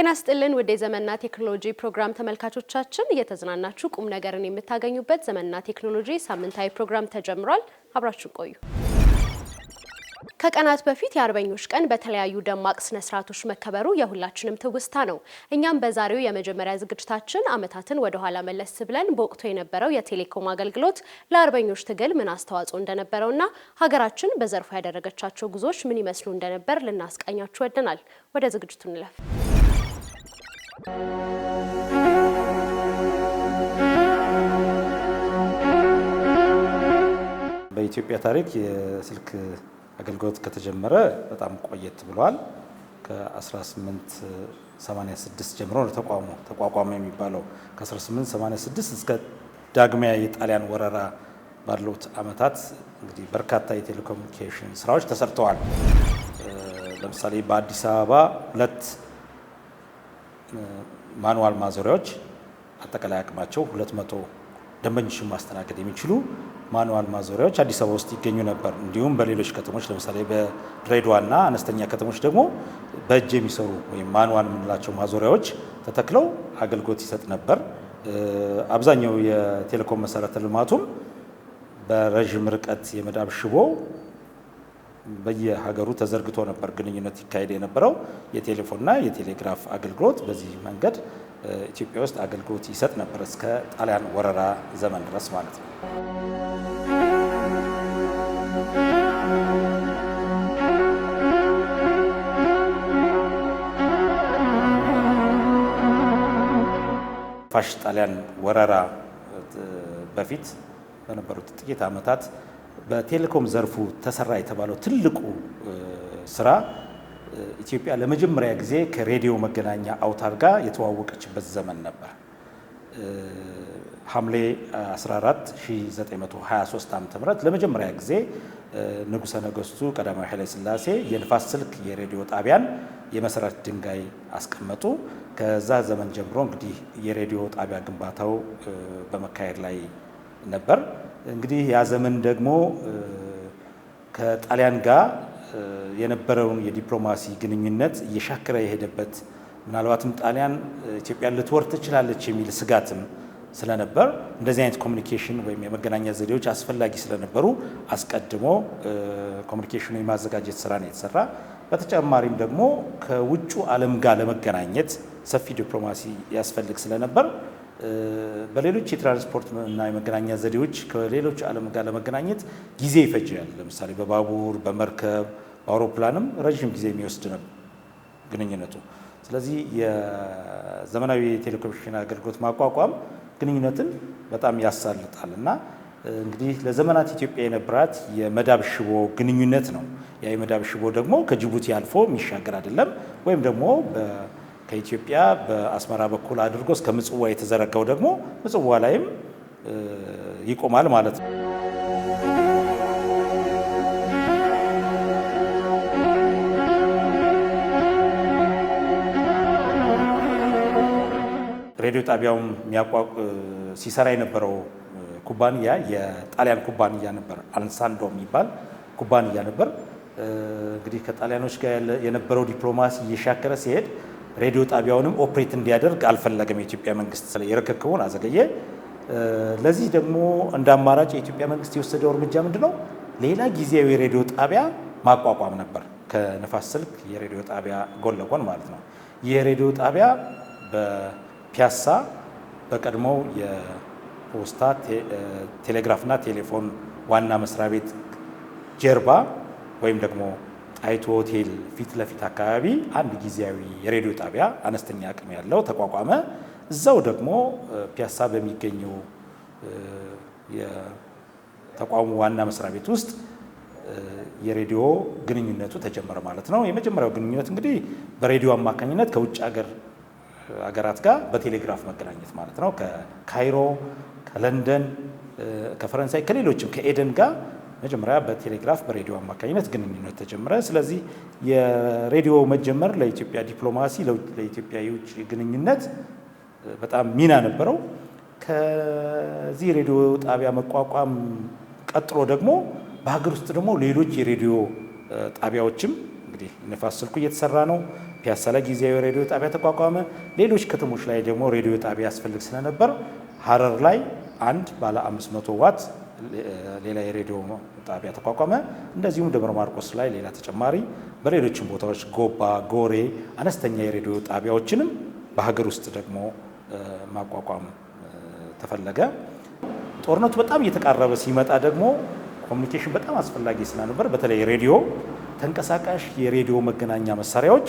ጤና ስጥልን ወደ የዘመንና ቴክኖሎጂ ፕሮግራም ተመልካቾቻችን፣ እየተዝናናችሁ ቁም ነገርን የምታገኙበት ዘመንና ቴክኖሎጂ ሳምንታዊ ፕሮግራም ተጀምሯል። አብራችሁን ቆዩ። ከቀናት በፊት የአርበኞች ቀን በተለያዩ ደማቅ ስነ ስርዓቶች መከበሩ የሁላችንም ትውስታ ነው። እኛም በዛሬው የመጀመሪያ ዝግጅታችን አመታትን ወደኋላ መለስ ብለን በወቅቱ የነበረው የቴሌኮም አገልግሎት ለአርበኞች ትግል ምን አስተዋጽኦ እንደነበረውና ሀገራችን በዘርፉ ያደረገቻቸው ጉዞዎች ምን ይመስሉ እንደነበር ልናስቃኛችሁ ወደናል። ወደ ዝግጅቱ እንለፍ። በኢትዮጵያ ታሪክ የስልክ አገልግሎት ከተጀመረ በጣም ቆየት ብሏል። ከ1886 ጀምሮ ተቋሙ ተቋቋመ የሚባለው። ከ1886 እስከ ዳግሚያ የጣሊያን ወረራ ባሉት ዓመታት እንግዲህ በርካታ የቴሌኮሙኒኬሽን ስራዎች ተሰርተዋል። ለምሳሌ በአዲስ አበባ ሁለት ማኑዋል ማዞሪያዎች አጠቃላይ አቅማቸው ሁለት መቶ ደንበኞችን ማስተናገድ የሚችሉ ማኑዋል ማዞሪያዎች አዲስ አበባ ውስጥ ይገኙ ነበር። እንዲሁም በሌሎች ከተሞች ለምሳሌ በድሬዳዋና አነስተኛ ከተሞች ደግሞ በእጅ የሚሰሩ ወይም ማኑዋል የምንላቸው ማዞሪያዎች ተተክለው አገልግሎት ይሰጥ ነበር። አብዛኛው የቴሌኮም መሰረተ ልማቱም በረዥም ርቀት የመዳብ ሽቦ በየሀገሩ ተዘርግቶ ነበር ግንኙነት ይካሄድ የነበረው። የቴሌፎንና የቴሌግራፍ አገልግሎት በዚህ መንገድ ኢትዮጵያ ውስጥ አገልግሎት ይሰጥ ነበር እስከ ጣሊያን ወረራ ዘመን ድረስ ማለት ነው። ፋሽ ጣሊያን ወረራ በፊት በነበሩት ጥቂት ዓመታት በቴሌኮም ዘርፉ ተሰራ የተባለው ትልቁ ስራ ኢትዮጵያ ለመጀመሪያ ጊዜ ከሬዲዮ መገናኛ አውታር ጋር የተዋወቀችበት ዘመን ነበር። ሐምሌ 14 1923 ዓ ም ለመጀመሪያ ጊዜ ንጉሠ ነገሥቱ ቀዳማዊ ኃይለ ሥላሴ የንፋስ ስልክ የሬዲዮ ጣቢያን የመሰረት ድንጋይ አስቀመጡ። ከዛ ዘመን ጀምሮ እንግዲህ የሬዲዮ ጣቢያ ግንባታው በመካሄድ ላይ ነበር። እንግዲህ ያ ዘመን ደግሞ ከጣሊያን ጋር የነበረውን የዲፕሎማሲ ግንኙነት እየሻከረ የሄደበት ምናልባትም ጣሊያን ኢትዮጵያን ልትወር ትችላለች የሚል ስጋትም ስለነበር እንደዚህ አይነት ኮሚኒኬሽን ወይም የመገናኛ ዘዴዎች አስፈላጊ ስለነበሩ አስቀድሞ ኮሚኒኬሽኑ የማዘጋጀት ስራ ነው የተሰራ። በተጨማሪም ደግሞ ከውጩ ዓለም ጋር ለመገናኘት ሰፊ ዲፕሎማሲ ያስፈልግ ስለነበር በሌሎች የትራንስፖርት እና የመገናኛ ዘዴዎች ከሌሎች ዓለም ጋር ለመገናኘት ጊዜ ይፈጃል። ለምሳሌ በባቡር፣ በመርከብ፣ በአውሮፕላንም ረዥም ጊዜ የሚወስድ ነው ግንኙነቱ። ስለዚህ የዘመናዊ የቴሌኮሙኒኬሽን አገልግሎት ማቋቋም ግንኙነትን በጣም ያሳልጣል እና እንግዲህ ለዘመናት ኢትዮጵያ የነበራት የመዳብ ሽቦ ግንኙነት ነው። ያ የመዳብ ሽቦ ደግሞ ከጅቡቲ አልፎ የሚሻገር አይደለም ወይም ደግሞ ከኢትዮጵያ በአስመራ በኩል አድርጎ እስከ ምጽዋ የተዘረጋው ደግሞ ምጽዋ ላይም ይቆማል ማለት ነው። ሬዲዮ ጣቢያውም ሲሰራ የነበረው ኩባንያ የጣሊያን ኩባንያ ነበር። አንሳንዶ የሚባል ኩባንያ ነበር። እንግዲህ ከጣሊያኖች ጋር የነበረው ዲፕሎማሲ እየሻከረ ሲሄድ ሬዲዮ ጣቢያውንም ኦፕሬት እንዲያደርግ አልፈለገም የኢትዮጵያ መንግስት። የርክክቡን አዘገየ። ለዚህ ደግሞ እንደ አማራጭ የኢትዮጵያ መንግስት የወሰደው እርምጃ ምንድ ነው? ሌላ ጊዜያዊ የሬዲዮ ጣቢያ ማቋቋም ነበር፣ ከንፋስ ስልክ የሬዲዮ ጣቢያ ጎን ለጎን ማለት ነው። ይህ ሬዲዮ ጣቢያ በፒያሳ በቀድሞው የፖስታ ቴሌግራፍና ቴሌፎን ዋና መስሪያ ቤት ጀርባ ወይም ደግሞ ጣይቱ ሆቴል ፊት ለፊት አካባቢ አንድ ጊዜያዊ የሬዲዮ ጣቢያ አነስተኛ አቅም ያለው ተቋቋመ። እዛው ደግሞ ፒያሳ በሚገኘው የተቋሙ ዋና መስሪያ ቤት ውስጥ የሬዲዮ ግንኙነቱ ተጀመረ ማለት ነው። የመጀመሪያው ግንኙነት እንግዲህ በሬዲዮ አማካኝነት ከውጭ ሀገር ሀገራት ጋር በቴሌግራፍ መገናኘት ማለት ነው። ከካይሮ፣ ከለንደን፣ ከፈረንሳይ፣ ከሌሎችም ከኤደን ጋር መጀመሪያ በቴሌግራፍ በሬዲዮ አማካኝነት ግንኙነት ተጀመረ። ስለዚህ የሬዲዮ መጀመር ለኢትዮጵያ ዲፕሎማሲ፣ ለኢትዮጵያ የውጭ ግንኙነት በጣም ሚና ነበረው። ከዚህ ሬዲዮ ጣቢያ መቋቋም ቀጥሎ ደግሞ በሀገር ውስጥ ደግሞ ሌሎች የሬዲዮ ጣቢያዎችም እንግዲህ ነፋስ ስልኩ እየተሰራ ነው። ፒያሳ ላይ ጊዜያዊ ሬዲዮ ጣቢያ ተቋቋመ። ሌሎች ከተሞች ላይ ደግሞ ሬዲዮ ጣቢያ ያስፈልግ ስለነበር ሀረር ላይ አንድ ባለ 500 ዋት ሌላ የሬዲዮ ጣቢያ ተቋቋመ። እንደዚሁም ደብረ ማርቆስ ላይ ሌላ ተጨማሪ፣ በሌሎችም ቦታዎች ጎባ፣ ጎሬ አነስተኛ የሬዲዮ ጣቢያዎችንም በሀገር ውስጥ ደግሞ ማቋቋም ተፈለገ። ጦርነቱ በጣም እየተቃረበ ሲመጣ ደግሞ ኮሚኒኬሽን በጣም አስፈላጊ ስለነበር በተለይ ሬዲዮ፣ ተንቀሳቃሽ የሬዲዮ መገናኛ መሳሪያዎች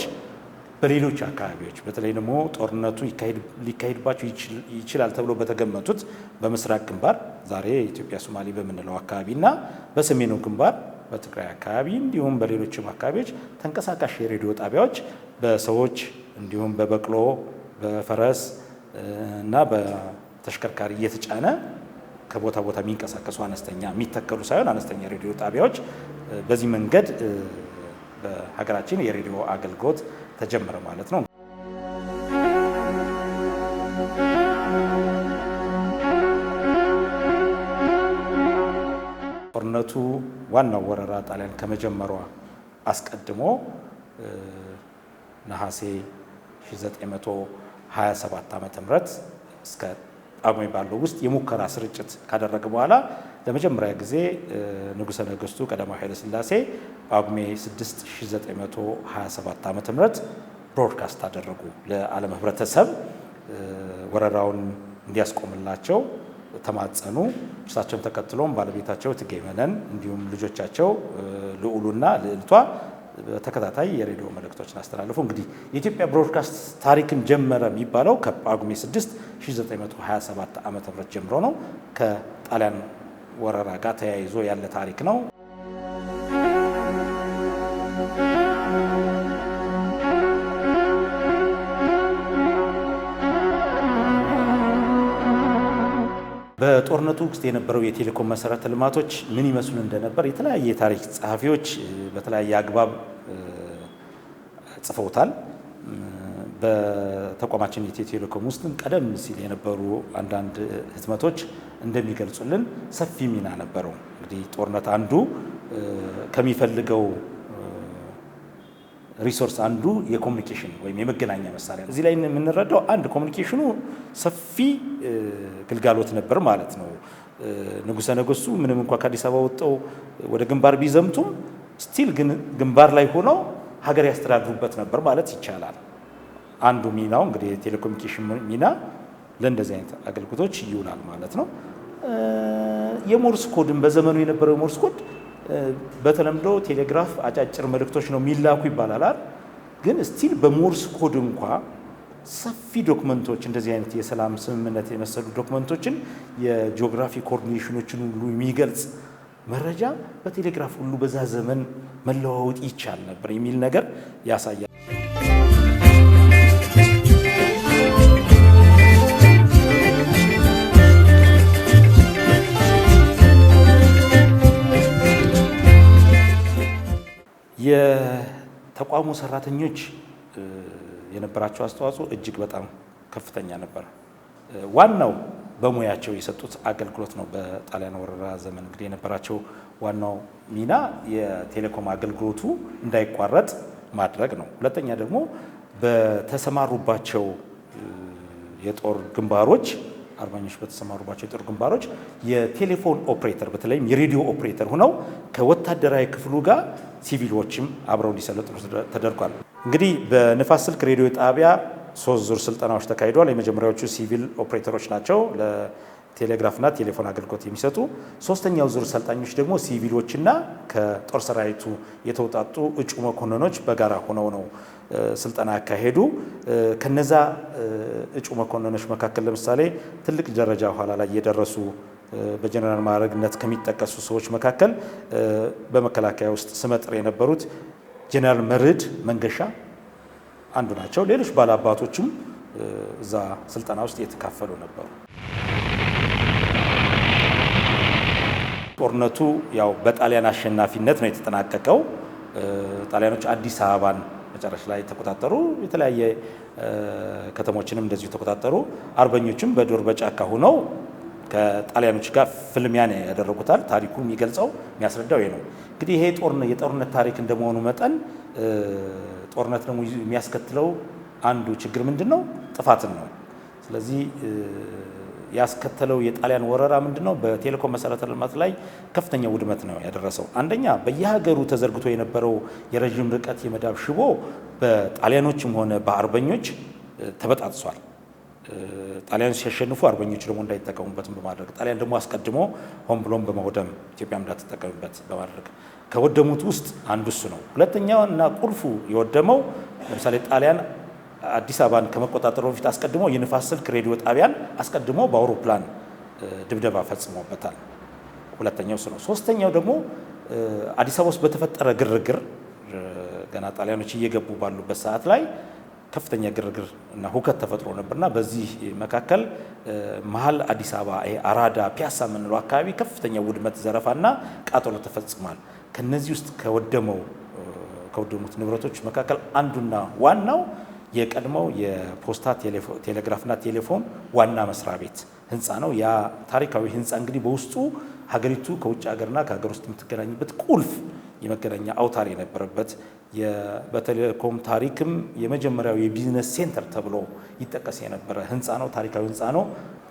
በሌሎች አካባቢዎች በተለይ ደግሞ ጦርነቱ ሊካሄድባቸው ይችላል ተብሎ በተገመቱት በምስራቅ ግንባር ዛሬ የኢትዮጵያ ሶማሌ በምንለው አካባቢ እና በሰሜኑ ግንባር በትግራይ አካባቢ እንዲሁም በሌሎችም አካባቢዎች ተንቀሳቃሽ የሬዲዮ ጣቢያዎች በሰዎች እንዲሁም በበቅሎ በፈረስ እና በተሽከርካሪ እየተጫነ ከቦታ ቦታ የሚንቀሳቀሱ አነስተኛ የሚተከሉ ሳይሆን አነስተኛ ሬዲዮ ጣቢያዎች በዚህ መንገድ በሀገራችን የሬዲዮ አገልግሎት ተጀመረ ማለት ነው። ጦርነቱ ዋናው ወረራ ጣሊያን ከመጀመሯ አስቀድሞ ነሐሴ 1927 ም እስከ ጳጉሜ ባለው ውስጥ የሙከራ ስርጭት ካደረገ በኋላ ለመጀመሪያ ጊዜ ንጉሠ ነገሥቱ ቀዳማዊ ኃይለሥላሴ ጳጉሜ 6927 ዓ ም ብሮድካስት አደረጉ። ለዓለም ህብረተሰብ ወረራውን እንዲያስቆምላቸው ተማጸኑ። እርሳቸውን ተከትሎም ባለቤታቸው እቴጌ መነን እንዲሁም ልጆቻቸው ልዑሉና ልዕልቷ በተከታታይ የሬዲዮ መልእክቶችን አስተላልፉ። እንግዲህ የኢትዮጵያ ብሮድካስት ታሪክን ጀመረ የሚባለው ከጳጉሜ 6 1927 ዓ ም ጀምሮ ነው ከጣሊያን ወረራ ጋር ተያይዞ ያለ ታሪክ ነው። በጦርነቱ ውስጥ የነበረው የቴሌኮም መሰረተ ልማቶች ምን ይመስሉ እንደነበር የተለያየ የታሪክ ጸሐፊዎች በተለያየ አግባብ ጽፈውታል። በተቋማችን የኢትዮ ቴሌኮም ውስጥም ቀደም ሲል የነበሩ አንዳንድ ህትመቶች እንደሚገልጹልን ሰፊ ሚና ነበረው። እንግዲህ ጦርነት አንዱ ከሚፈልገው ሪሶርስ አንዱ የኮሚኒኬሽን ወይም የመገናኛ መሳሪያ ነው። እዚህ ላይ የምንረዳው አንድ ኮሚኒኬሽኑ ሰፊ ግልጋሎት ነበር ማለት ነው። ንጉሰ ነገሥቱ ምንም እንኳ ከአዲስ አበባ ወጥተው ወደ ግንባር ቢዘምቱም ስቲል ግን ግንባር ላይ ሆነው ሀገር ያስተዳድሩበት ነበር ማለት ይቻላል። አንዱ ሚናው እንግዲህ የቴሌኮሚኒኬሽን ሚና ለእንደዚህ አይነት አገልግሎቶች ይውላል ማለት ነው። የሞርስ ኮድን በዘመኑ የነበረው የሞርስ ኮድ በተለምዶ ቴሌግራፍ አጫጭር መልእክቶች ነው የሚላኩ ይባላል። ግን ስቲል በሞርስ ኮድ እንኳ ሰፊ ዶክመንቶች እንደዚህ አይነት የሰላም ስምምነት የመሰሉ ዶክመንቶችን የጂኦግራፊ ኮኦርዲኔሽኖችን ሁሉ የሚገልጽ መረጃ በቴሌግራፍ ሁሉ በዛ ዘመን መለዋወጥ ይቻል ነበር የሚል ነገር ያሳያል። ተቋሙ ሰራተኞች የነበራቸው አስተዋጽኦ እጅግ በጣም ከፍተኛ ነበር። ዋናው በሙያቸው የሰጡት አገልግሎት ነው። በጣሊያን ወረራ ዘመን እንግዲህ የነበራቸው ዋናው ሚና የቴሌኮም አገልግሎቱ እንዳይቋረጥ ማድረግ ነው። ሁለተኛ ደግሞ በተሰማሩባቸው የጦር ግንባሮች አርበኞች በተሰማሩባቸው የጦር ግንባሮች የቴሌፎን ኦፕሬተር በተለይም የሬዲዮ ኦፕሬተር ሆነው ከወታደራዊ ክፍሉ ጋር ሲቪሎችም አብረው እንዲሰለጥኑ ተደርጓል። እንግዲህ በንፋስ ስልክ ሬዲዮ ጣቢያ ሶስት ዙር ስልጠናዎች ተካሂደዋል። የመጀመሪያዎቹ ሲቪል ኦፕሬተሮች ናቸው። ቴሌግራፍና ቴሌፎን አገልግሎት የሚሰጡ ሶስተኛው ዙር ሰልጣኞች ደግሞ ሲቪሎችና ከጦር ሰራዊቱ የተውጣጡ እጩ መኮንኖች በጋራ ሆነው ነው ስልጠና ያካሄዱ። ከነዛ እጩ መኮንኖች መካከል ለምሳሌ ትልቅ ደረጃ ኋላ ላይ የደረሱ በጀነራል ማዕረግነት ከሚጠቀሱ ሰዎች መካከል በመከላከያ ውስጥ ስመጥር የነበሩት ጀነራል መርድ መንገሻ አንዱ ናቸው። ሌሎች ባለአባቶችም እዛ ስልጠና ውስጥ የተካፈሉ ነበሩ። ጦርነቱ ያው በጣሊያን አሸናፊነት ነው የተጠናቀቀው። ጣሊያኖች አዲስ አበባን መጨረሻ ላይ ተቆጣጠሩ። የተለያየ ከተሞችንም እንደዚሁ ተቆጣጠሩ። አርበኞችም በዶር በጫካ ሆነው ከጣሊያኖች ጋር ፍልሚያን ያደረጉታል። ታሪኩ የሚገልጸው የሚያስረዳው ይሄ ነው። እንግዲህ ይሄ የጦርነት ታሪክ እንደመሆኑ መጠን ጦርነት ደግሞ የሚያስከትለው አንዱ ችግር ምንድን ነው? ጥፋትን ነው። ስለዚህ ያስከተለው የጣሊያን ወረራ ምንድን ነው? በቴሌኮም መሰረተ ልማት ላይ ከፍተኛ ውድመት ነው ያደረሰው። አንደኛ በየሀገሩ ተዘርግቶ የነበረው የረዥም ርቀት የመዳብ ሽቦ በጣሊያኖችም ሆነ በአርበኞች ተበጣጥሷል። ጣሊያን ሲያሸንፉ አርበኞች ደግሞ እንዳይጠቀሙበትም በማድረግ ጣሊያን ደግሞ አስቀድሞ ሆን ብሎም በመውደም ኢትዮጵያ እንዳትጠቀምበት በማድረግ ከወደሙት ውስጥ አንዱ እሱ ነው። ሁለተኛው እና ቁልፉ የወደመው ለምሳሌ ጣሊያን አዲስ አበባን ከመቆጣጠሩ በፊት አስቀድሞ የንፋስ ስልክ ሬዲዮ ጣቢያን አስቀድሞ በአውሮፕላን ድብደባ ፈጽሞበታል። ሁለተኛው እሱ ነው። ሶስተኛው ደግሞ አዲስ አበባ ውስጥ በተፈጠረ ግርግር ገና ጣሊያኖች እየገቡ ባሉበት ሰዓት ላይ ከፍተኛ ግርግር እና ሁከት ተፈጥሮ ነበርና በዚህ መካከል መሀል አዲስ አበባ አራዳ ፒያሳ የምንለው አካባቢ ከፍተኛ ውድመት፣ ዘረፋና ቃጠሎ ተፈጽሟል። ከነዚህ ውስጥ ከወደመው ከወደሙት ንብረቶች መካከል አንዱና ዋናው የቀድሞው የፖስታ ቴሌግራፍና ቴሌፎን ዋና መስሪያ ቤት ህንፃ ነው። ያ ታሪካዊ ህንፃ እንግዲህ በውስጡ ሀገሪቱ ከውጭ ሀገርና ከሀገር ውስጥ የምትገናኝበት ቁልፍ የመገናኛ አውታር የነበረበት በቴሌኮም ታሪክም የመጀመሪያው የቢዝነስ ሴንተር ተብሎ ይጠቀስ የነበረ ህንፃ ነው። ታሪካዊ ህንፃ ነው።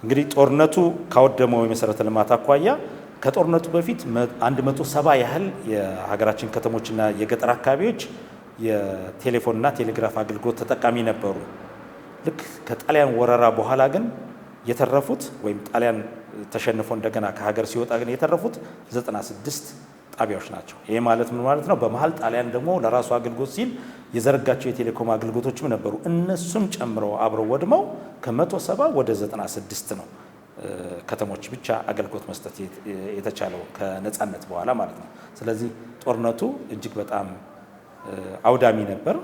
እንግዲህ ጦርነቱ ካወደመው የመሰረተ ልማት አኳያ ከጦርነቱ በፊት 170 ያህል የሀገራችን ከተሞችና የገጠር አካባቢዎች የቴሌፎንና ቴሌግራፍ አገልግሎት ተጠቃሚ ነበሩ። ልክ ከጣሊያን ወረራ በኋላ ግን የተረፉት ወይም ጣሊያን ተሸንፎ እንደገና ከሀገር ሲወጣ ግን የተረፉት 96 ጣቢያዎች ናቸው። ይሄ ማለት ምን ማለት ነው? በመሀል ጣሊያን ደግሞ ለራሱ አገልግሎት ሲል የዘረጋቸው የቴሌኮም አገልግሎቶችም ነበሩ። እነሱም ጨምረው አብረው ወድመው ከ170 ወደ 96 ነው ከተሞች ብቻ አገልግሎት መስጠት የተቻለው ከነጻነት በኋላ ማለት ነው። ስለዚህ ጦርነቱ እጅግ በጣም አውዳሚ ነበር።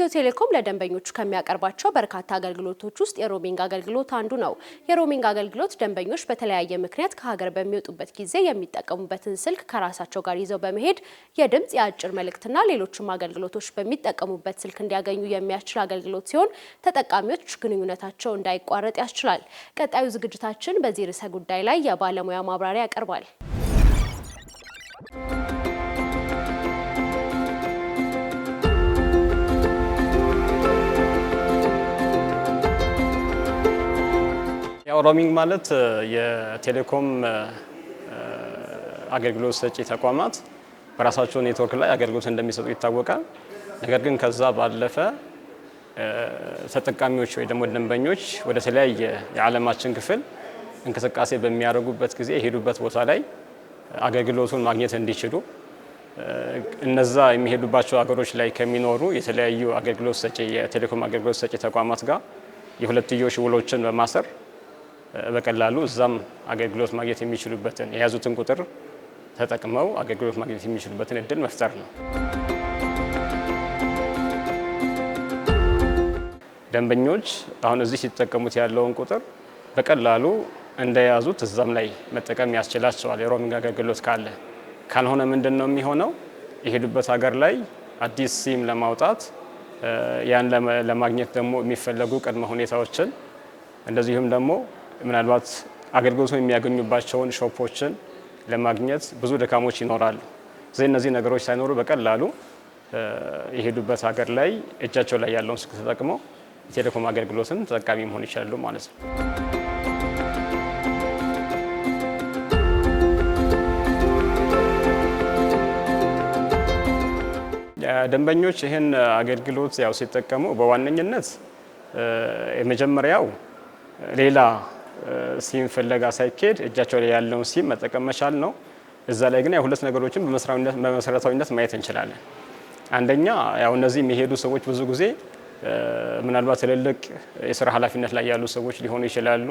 ኢትዮ ቴሌኮም ለደንበኞቹ ከሚያቀርባቸው በርካታ አገልግሎቶች ውስጥ የሮሚንግ አገልግሎት አንዱ ነው። የሮሚንግ አገልግሎት ደንበኞች በተለያየ ምክንያት ከሀገር በሚወጡበት ጊዜ የሚጠቀሙበትን ስልክ ከራሳቸው ጋር ይዘው በመሄድ የድምፅ፣ የአጭር መልእክትና ሌሎችም አገልግሎቶች በሚጠቀሙበት ስልክ እንዲያገኙ የሚያስችል አገልግሎት ሲሆን ተጠቃሚዎች ግንኙነታቸው እንዳይቋረጥ ያስችላል። ቀጣዩ ዝግጅታችን በዚህ ርዕሰ ጉዳይ ላይ የባለሙያ ማብራሪያ ያቀርባል። ሮሚንግ ማለት የቴሌኮም አገልግሎት ሰጪ ተቋማት በራሳቸው ኔትወርክ ላይ አገልግሎት እንደሚሰጡ ይታወቃል። ነገር ግን ከዛ ባለፈ ተጠቃሚዎች ወይ ደግሞ ደንበኞች ወደ ተለያየ የዓለማችን ክፍል እንቅስቃሴ በሚያደርጉበት ጊዜ የሄዱበት ቦታ ላይ አገልግሎቱን ማግኘት እንዲችሉ እነዛ የሚሄዱባቸው ሀገሮች ላይ ከሚኖሩ የተለያዩ አገልግሎት ሰጪ የቴሌኮም አገልግሎት ሰጪ ተቋማት ጋር የሁለትዮሽ ውሎችን በማሰር በቀላሉ እዛም አገልግሎት ማግኘት የሚችሉበትን የያዙትን ቁጥር ተጠቅመው አገልግሎት ማግኘት የሚችሉበትን እድል መፍጠር ነው። ደንበኞች አሁን እዚህ ሲጠቀሙት ያለውን ቁጥር በቀላሉ እንደያዙት እዛም ላይ መጠቀም ያስችላቸዋል። የሮሚንግ አገልግሎት ካለ ካልሆነ ምንድን ነው የሚሆነው? የሄዱበት ሀገር ላይ አዲስ ሲም ለማውጣት ያን ለማግኘት ደግሞ የሚፈለጉ ቅድመ ሁኔታዎችን እንደዚሁም ደግሞ ምናልባት አገልግሎቱን የሚያገኙባቸውን ሾፖችን ለማግኘት ብዙ ድካሞች ይኖራሉ። ስለዚህ እነዚህ ነገሮች ሳይኖሩ በቀላሉ የሄዱበት ሀገር ላይ እጃቸው ላይ ያለውን ስልክ ተጠቅመው የቴሌኮም አገልግሎትን ተጠቃሚ መሆን ይችላሉ ማለት ነው። ደንበኞች ይህን አገልግሎት ያው ሲጠቀሙ በዋነኝነት የመጀመሪያው ሌላ ሲም ፍለጋ ሳይኬድ እጃቸው ላይ ያለውን ሲም መጠቀም መቻል ነው። እዛ ላይ ግን ሁለት ነገሮችን በመሰረታዊነት ማየት እንችላለን። አንደኛ ያው እነዚህ የሚሄዱ ሰዎች ብዙ ጊዜ ምናልባት ትልልቅ የስራ ኃላፊነት ላይ ያሉ ሰዎች ሊሆኑ ይችላሉ።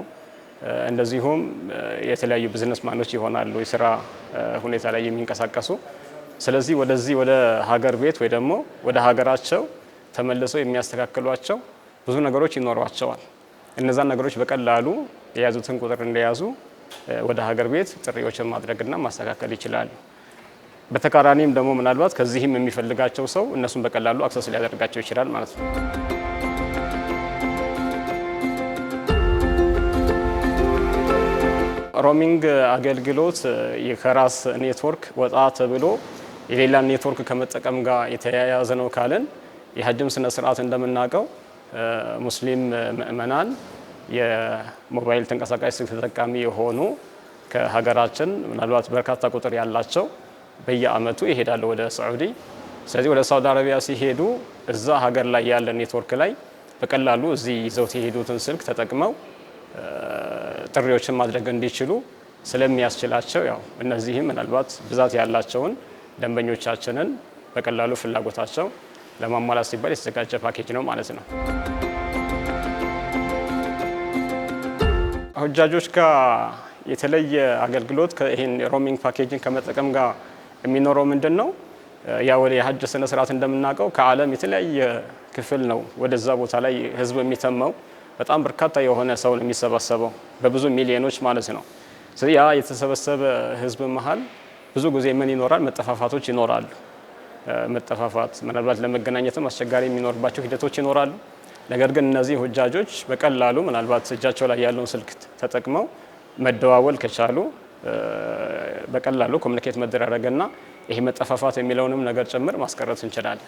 እንደዚሁም የተለያዩ ቢዝነስ ማኖች ይሆናሉ፣ የስራ ሁኔታ ላይ የሚንቀሳቀሱ። ስለዚህ ወደዚህ ወደ ሀገር ቤት ወይ ደግሞ ወደ ሀገራቸው ተመልሰው የሚያስተካክሏቸው ብዙ ነገሮች ይኖሯቸዋል። እነዛን ነገሮች በቀላሉ የያዙትን ቁጥር እንደያዙ ወደ ሀገር ቤት ጥሪዎችን ማድረግና ማስተካከል ይችላሉ። በተቃራኒም ደግሞ ምናልባት ከዚህም የሚፈልጋቸው ሰው እነሱን በቀላሉ አክሰስ ሊያደርጋቸው ይችላል ማለት ነው። ሮሚንግ አገልግሎት ከራስ ኔትወርክ ወጣ ተብሎ የሌላ ኔትወርክ ከመጠቀም ጋር የተያያዘ ነው ካልን የሀጅም ስነስርዓት እንደምናውቀው ሙስሊም ምእመናን የሞባይል ተንቀሳቃሽ ስልክ ተጠቃሚ የሆኑ ከሀገራችን ምናልባት በርካታ ቁጥር ያላቸው በየአመቱ ይሄዳሉ ወደ ሳዑዲ። ስለዚህ ወደ ሳውዲ አረቢያ ሲሄዱ እዛ ሀገር ላይ ያለ ኔትወርክ ላይ በቀላሉ እዚህ ይዘውት የሄዱትን ስልክ ተጠቅመው ጥሪዎችን ማድረግ እንዲችሉ ስለሚያስችላቸው ያው እነዚህም ምናልባት ብዛት ያላቸውን ደንበኞቻችንን በቀላሉ ፍላጎታቸው ለማሟላት ሲባል የተዘጋጀ ፓኬጅ ነው ማለት ነው። ከሁጃጆች ጋር የተለየ አገልግሎት ይህን ሮሚንግ ፓኬጅን ከመጠቀም ጋር የሚኖረው ምንድን ነው? ያው የሀጅ ስነ ስርዓት እንደምናውቀው ከዓለም የተለያየ ክፍል ነው ወደዛ ቦታ ላይ ህዝብ የሚተመው በጣም በርካታ የሆነ ሰው ነው የሚሰበሰበው በብዙ ሚሊዮኖች ማለት ነው። ስለዚህ ያ የተሰበሰበ ህዝብ መሀል ብዙ ጊዜ ምን ይኖራል? መጠፋፋቶች ይኖራሉ። መጠፋፋት ምናልባት ለመገናኘትም አስቸጋሪ የሚኖርባቸው ሂደቶች ይኖራሉ። ነገር ግን እነዚህ ሁጃጆች በቀላሉ ምናልባት እጃቸው ላይ ያለውን ስልክ ተጠቅመው መደዋወል ከቻሉ በቀላሉ ኮሚኒኬት መደራረግና ይሄ መጠፋፋት የሚለውንም ነገር ጭምር ማስቀረት እንችላለን።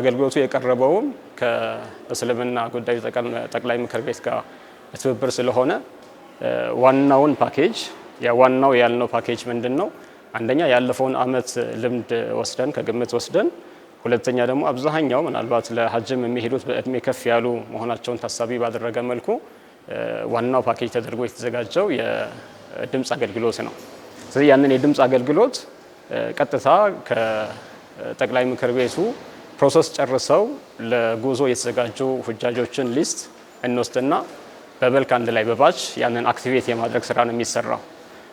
አገልግሎቱ የቀረበውም ከእስልምና ጉዳዩ ጠቅላይ ምክር ቤት ጋር ትብብር ስለሆነ ዋናውን ፓኬጅ ዋናው ያልነው ፓኬጅ ምንድን ነው? አንደኛ ያለፈውን አመት ልምድ ወስደን ከግምት ወስደን ሁለተኛ ደግሞ አብዛኛው ምናልባት ለሀጅም የሚሄዱት በእድሜ ከፍ ያሉ መሆናቸውን ታሳቢ ባደረገ መልኩ ዋናው ፓኬጅ ተደርጎ የተዘጋጀው የድምፅ አገልግሎት ነው። ስለዚህ ያንን የድምፅ አገልግሎት ቀጥታ ከጠቅላይ ምክር ቤቱ ፕሮሰስ ጨርሰው ለጉዞ የተዘጋጁ ሁጃጆችን ሊስት እንወስድና በበልክ አንድ ላይ በባች ያንን አክቲቬት የማድረግ ስራ ነው የሚሰራው።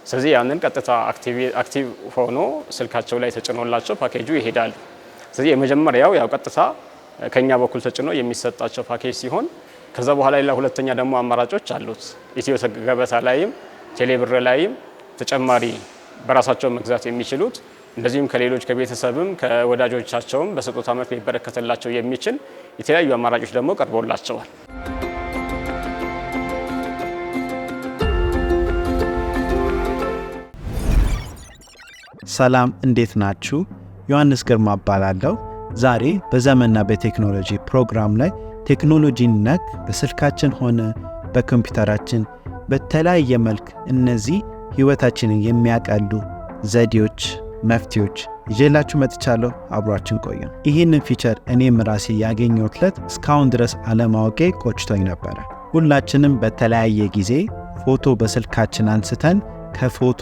ስለዚህ ያንን ቀጥታ አክቲቭ ሆኖ ስልካቸው ላይ ተጭኖላቸው ፓኬጁ ይሄዳል። ስለዚህ የመጀመሪያው ያው ቀጥታ ከኛ በኩል ተጭኖ የሚሰጣቸው ፓኬጅ ሲሆን ከዛ በኋላ ሌላ ሁለተኛ ደግሞ አማራጮች አሉት። ኢትዮ ገበታ ላይም ቴሌብር ላይም ተጨማሪ በራሳቸው መግዛት የሚችሉት እንደዚሁም ከሌሎች ከቤተሰብም ከወዳጆቻቸውም በስጦታ መልክ ሊበረከትላቸው የሚችል የተለያዩ አማራጮች ደግሞ ቀርቦላቸዋል። ሰላም፣ እንዴት ናችሁ? ዮሐንስ ግርማ እባላለሁ። ዛሬ በዘመንና በቴክኖሎጂ ፕሮግራም ላይ ቴክኖሎጂን ነክ በስልካችን ሆነ በኮምፒውተራችን በተለያየ መልክ እነዚህ ህይወታችንን የሚያቀሉ ዘዴዎች፣ መፍትሄዎች ይዤላችሁ መጥቻለሁ። አብሯችን ቆዩ። ይህንን ፊቸር እኔም ራሴ ያገኘሁት ዕለት እስካሁን ድረስ አለማወቄ ቆጭቶኝ ነበረ። ሁላችንም በተለያየ ጊዜ ፎቶ በስልካችን አንስተን ከፎቶ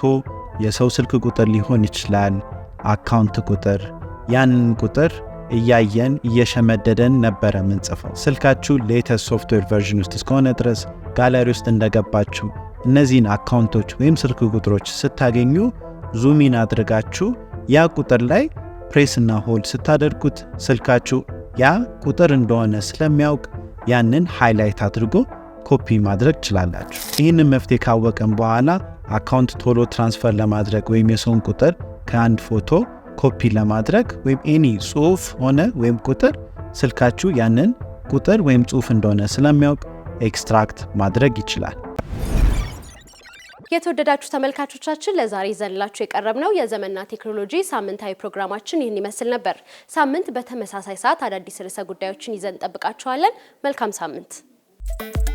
የሰው ስልክ ቁጥር ሊሆን ይችላል አካውንት ቁጥር ያንን ቁጥር እያየን እየሸመደደን ነበረ ምንጽፈው። ስልካችሁ ሌተስት ሶፍትዌር ቨርዥን ውስጥ እስከሆነ ድረስ ጋለሪ ውስጥ እንደገባችሁ እነዚህን አካውንቶች ወይም ስልክ ቁጥሮች ስታገኙ ዙሚን አድርጋችሁ ያ ቁጥር ላይ ፕሬስ እና ሆልድ ስታደርጉት ስልካችሁ ያ ቁጥር እንደሆነ ስለሚያውቅ ያንን ሃይላይት አድርጎ ኮፒ ማድረግ ትችላላችሁ። ይህንን መፍትሄ ካወቀን በኋላ አካውንት ቶሎ ትራንስፈር ለማድረግ ወይም የሰውን ቁጥር ከአንድ ፎቶ ኮፒ ለማድረግ ወይም ኤኒ ጽሁፍ ሆነ ወይም ቁጥር ስልካችሁ ያንን ቁጥር ወይም ጽሁፍ እንደሆነ ስለሚያውቅ ኤክስትራክት ማድረግ ይችላል። የተወደዳችሁ ተመልካቾቻችን ለዛሬ ይዘንላችሁ የቀረብነው የዘመንና ቴክኖሎጂ ሳምንታዊ ፕሮግራማችን ይህን ይመስል ነበር። ሳምንት በተመሳሳይ ሰዓት አዳዲስ ርዕሰ ጉዳዮችን ይዘን እንጠብቃችኋለን። መልካም ሳምንት።